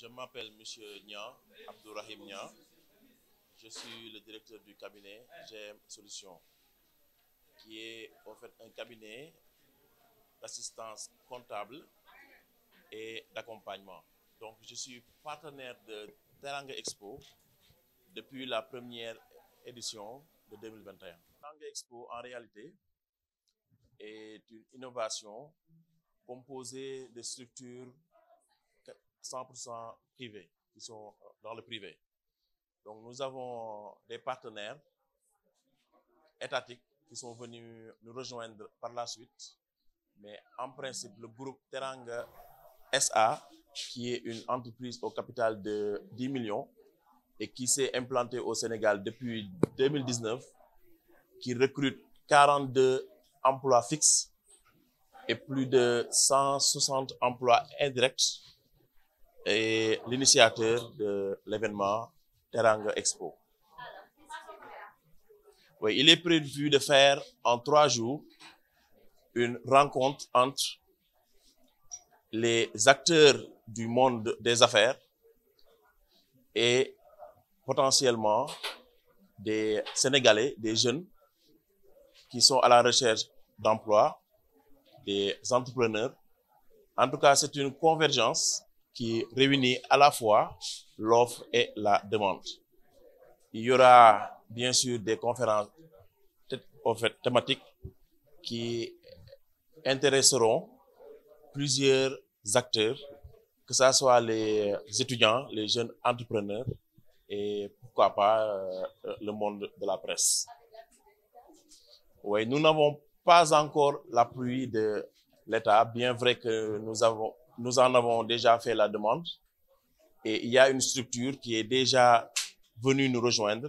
Je m'appelle Monsieur Nia, Abdourahim Nia. Je suis le directeur du cabinet GM Solutions, qui est fait un cabinet d'assistance comptable et d'accompagnement. Donc, je suis partenaire de Teranga Expo depuis la première édition de 2021. Teranga Expo, en réalité, est une innovation composée de structures 100 pour cent privés qui sont euh, dans le privé des partenaires étatiques qui sont venus nous rejoindre mais en principe le groupe Teranga SA qui est une entreprise au capital de 10 millions et qui s'est au Sénégal depuis 2019 qui recrute 42 emplois fixes et plus de 160 emplois indirects est l'initiateur de l'événement Teranga Expo. Oui, il est prévu de faire en trois jours une rencontre entre les acteurs du monde des affaires et potentiellement des Sénégalais, des jeunes qui sont à la recherche d'emploi, des entrepreneurs. En tout cas, c'est une convergence qui réunit à la fois l'offre et la demande. Il y aura bien sûr des conférences thématiques qui intéresseront plusieurs acteurs, que ce soit les étudiants, les jeunes entrepreneurs et pourquoi pas euh, le monde de la presse. Oui, nous n'avons pas encore l'appui de l'État, bien vrai que nous avons nous en avons déjà fait la demande et il y a une structure qui est déjà venue nous rejoindre,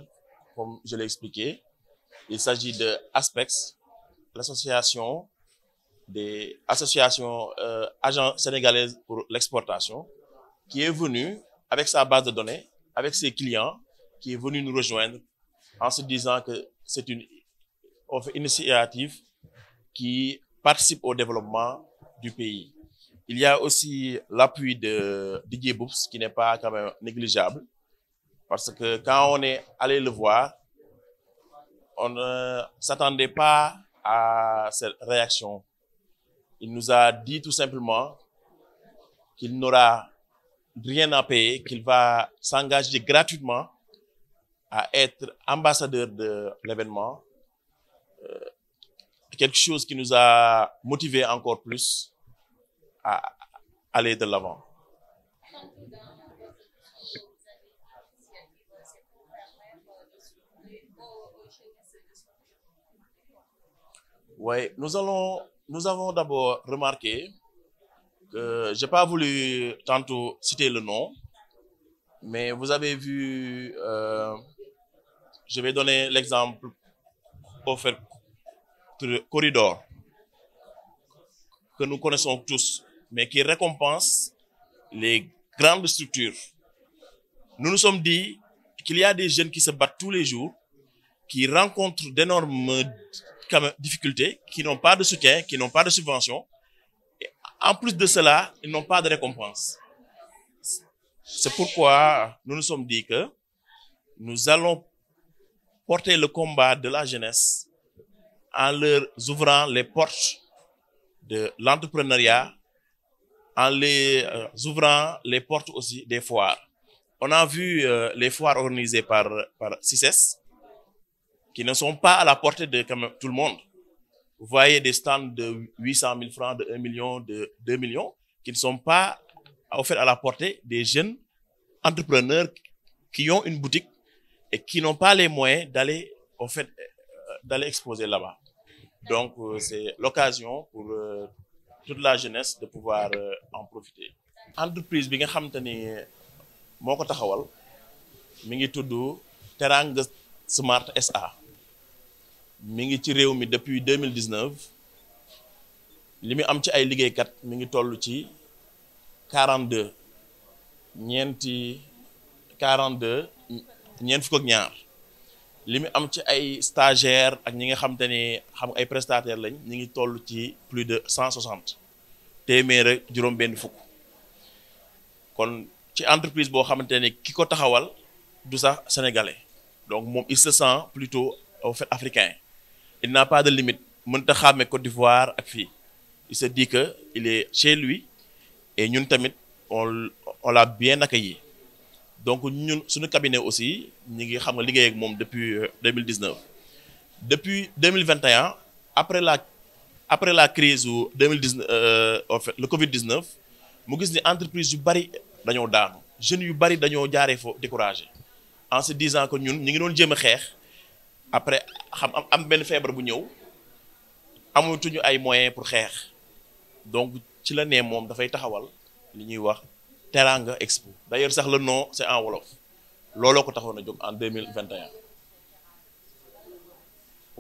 comme je l'ai expliqué. Il s'agit de ASPEX, l'association des associations euh, agents sénégalaises pour l'exportation, qui est venue avec sa base de données, avec ses clients, qui est venue nous rejoindre en se disant que c'est une initiative qui participe au développement du pays. Il y a aussi l'appui de Didier Boups qui n'est pas quand même négligeable parce que quand on est allé le voir, on ne s'attendait pas à cette réaction. Il nous a dit tout simplement qu'il n'aura rien à payer, qu'il va s'engager gratuitement à être ambassadeur de l'événement. Euh, quelque chose qui nous a motivés encore plus à aller de l'avant. Oui, nous avons d'abord remarqué que j'ai pas voulu tantôt citer le nom, mais vous avez vu, euh, je vais donner l'exemple offert corridor que nous connaissons tous mais qui récompense les grandes structures. Nous nous sommes dit qu'il y a des jeunes qui se battent tous les jours, qui rencontrent d'énormes difficultés, qui n'ont pas de soutien, qui n'ont pas de subvention. Et en plus de cela, ils n'ont pas de récompense. C'est pourquoi nous nous sommes dit que nous allons porter le combat de la jeunesse en leur ouvrant les portes de l'entrepreneuriat, en les euh, ouvrant les portes aussi des foires. On a vu euh, les foires organisées par, par CICES, qui ne sont pas à la portée de quand même, tout le monde. Vous voyez des stands de francs, de 1 de 2 millions, qui ne sont pas offerts à la portée des jeunes entrepreneurs qui ont une boutique et qui n'ont pas les moyens d'aller, euh, d'aller exposer là-bas. Donc, c'est l'occasion pour toute la jeunesse de pouvoir euh, en profiter entreprise bi nga xam ni moo ko taxawal mi ngi tudd Teranga Smart SA mi ngi ci réew mi depuis 2019 li mu am ci ay liggéeykat mi ngi toll ci 42 ñeenti 42 ñeent fukk ak ñaar li mu am ci ay stagiaires ak ñi nga xam te xam ay prestataires lañ ñu ngi toll ci plus de cent soixante téeméer ak juróom-benn fukk kon ci entreprise boo xamante ne ki ko taxawal du sax sénégalais donc moom il se sent plutôt au africain il n'a pas de limite mënta xàmme Côte d'Ivoire ak fii il se dit que il est chez lui et ñun tamit on on l'a bien accueilli donc ñun suñu cabinet aussi ñi ngi xam nga liggéey ak moom depuis 2019 euh, depuis 2021 après la après la crise u 2019 euh, en fait le Covid 19 mu gis ni entreprise yu bari dañoo daanu jeunes yu bari dañoo jaaree fo découragé en se disant que ñun ñu ngi doon jéem a xeex après xam am benn feebar bu ñëw amatuñu ay moyens pour xeex donc ci la nee moom dafay taxawal li ñuy wax. Teranga Expo d'ailleurs sax la noo c'est en wolof looloo ko taxoon a jog en deux mille vingt et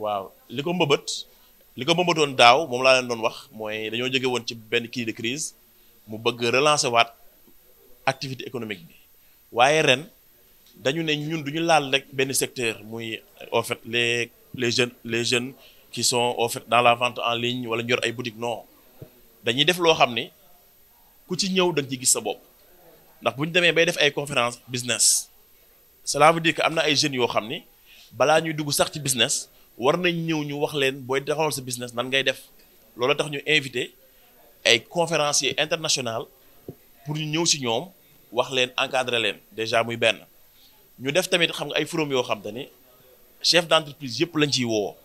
waaw li ko mbëbët li ko mbëbëtoon daaw moom laa leen doon wax mooy dañoo jóge woon ci benn kii de crise mu bëgg relancer waat activité économique bi waaye ren dañu ne ñun duñu laal rek benn secteur muy au fait les les jeunes les jeunes qui son au fait dans la vente en ligne wala ñu yor ay boutique non dañuy def loo xam ni ku ci ñëw da nga ci gis sa bopp ndax bu ñu demee bay def ay conférence business cela veut dire que am na ay jeunes yoo xam ni balaa ñuy dugg sax ci business war nañ ñëw ñu wax leen booy taxawal sa business nan ngay def loolu tax ñu invité ay conférenciers international pour ñu ñëw si ñoom wax leen encadrer leen déjà muy benn ñu def tamit xam nga ay forum yoo xam te ni chef d'entreprise yëpp lañ ciy woo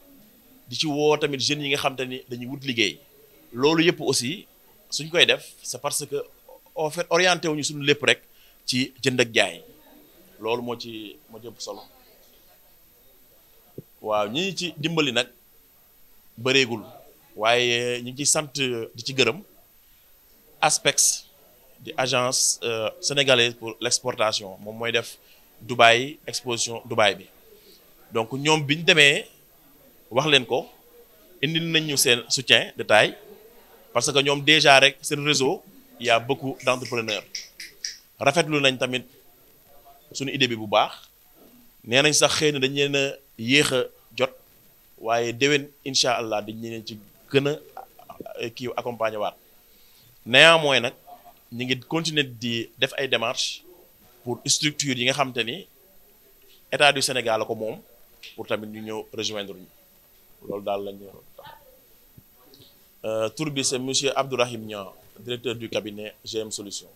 di ci woo tamit jeunes yi nga xam te ni dañuy wut liggéey loolu yëpp aussi suñ koy def en fait orienté wuñu suñu lépp rek ci jënd ak jaay loolu moo ci moo jëpp solo waaw ñi ci dimbali nag bëreegul waaye ñu ci sant di ci gërëm ASPEX di agence euh, sénégalaise pour l'exportation moom mooy def Dubaï exposition Dubaï bi donc ñoom bi demee wax leen ko indil nañ ñu seen soutien de taille parce que ñoom déjà rek seen réseau yaa y a rafetlu nañ tamit suñu idée bi bu baax nee nañ sax xëy na dañ leen a yéex a jot waaye déwén incha allah dañ leen ci gën a eh, kii accompagner waat néanmoins nag ñu ngi continuer di def ay démarches pour structure yi nga xam ni état du Sénégal la moom pour tamit ñu ñëw rejoindre ñu loolu daal lañ ñu tax euh, tur bi c'est monsieur Abdourahim Niang directeur du cabinet GM Solutions.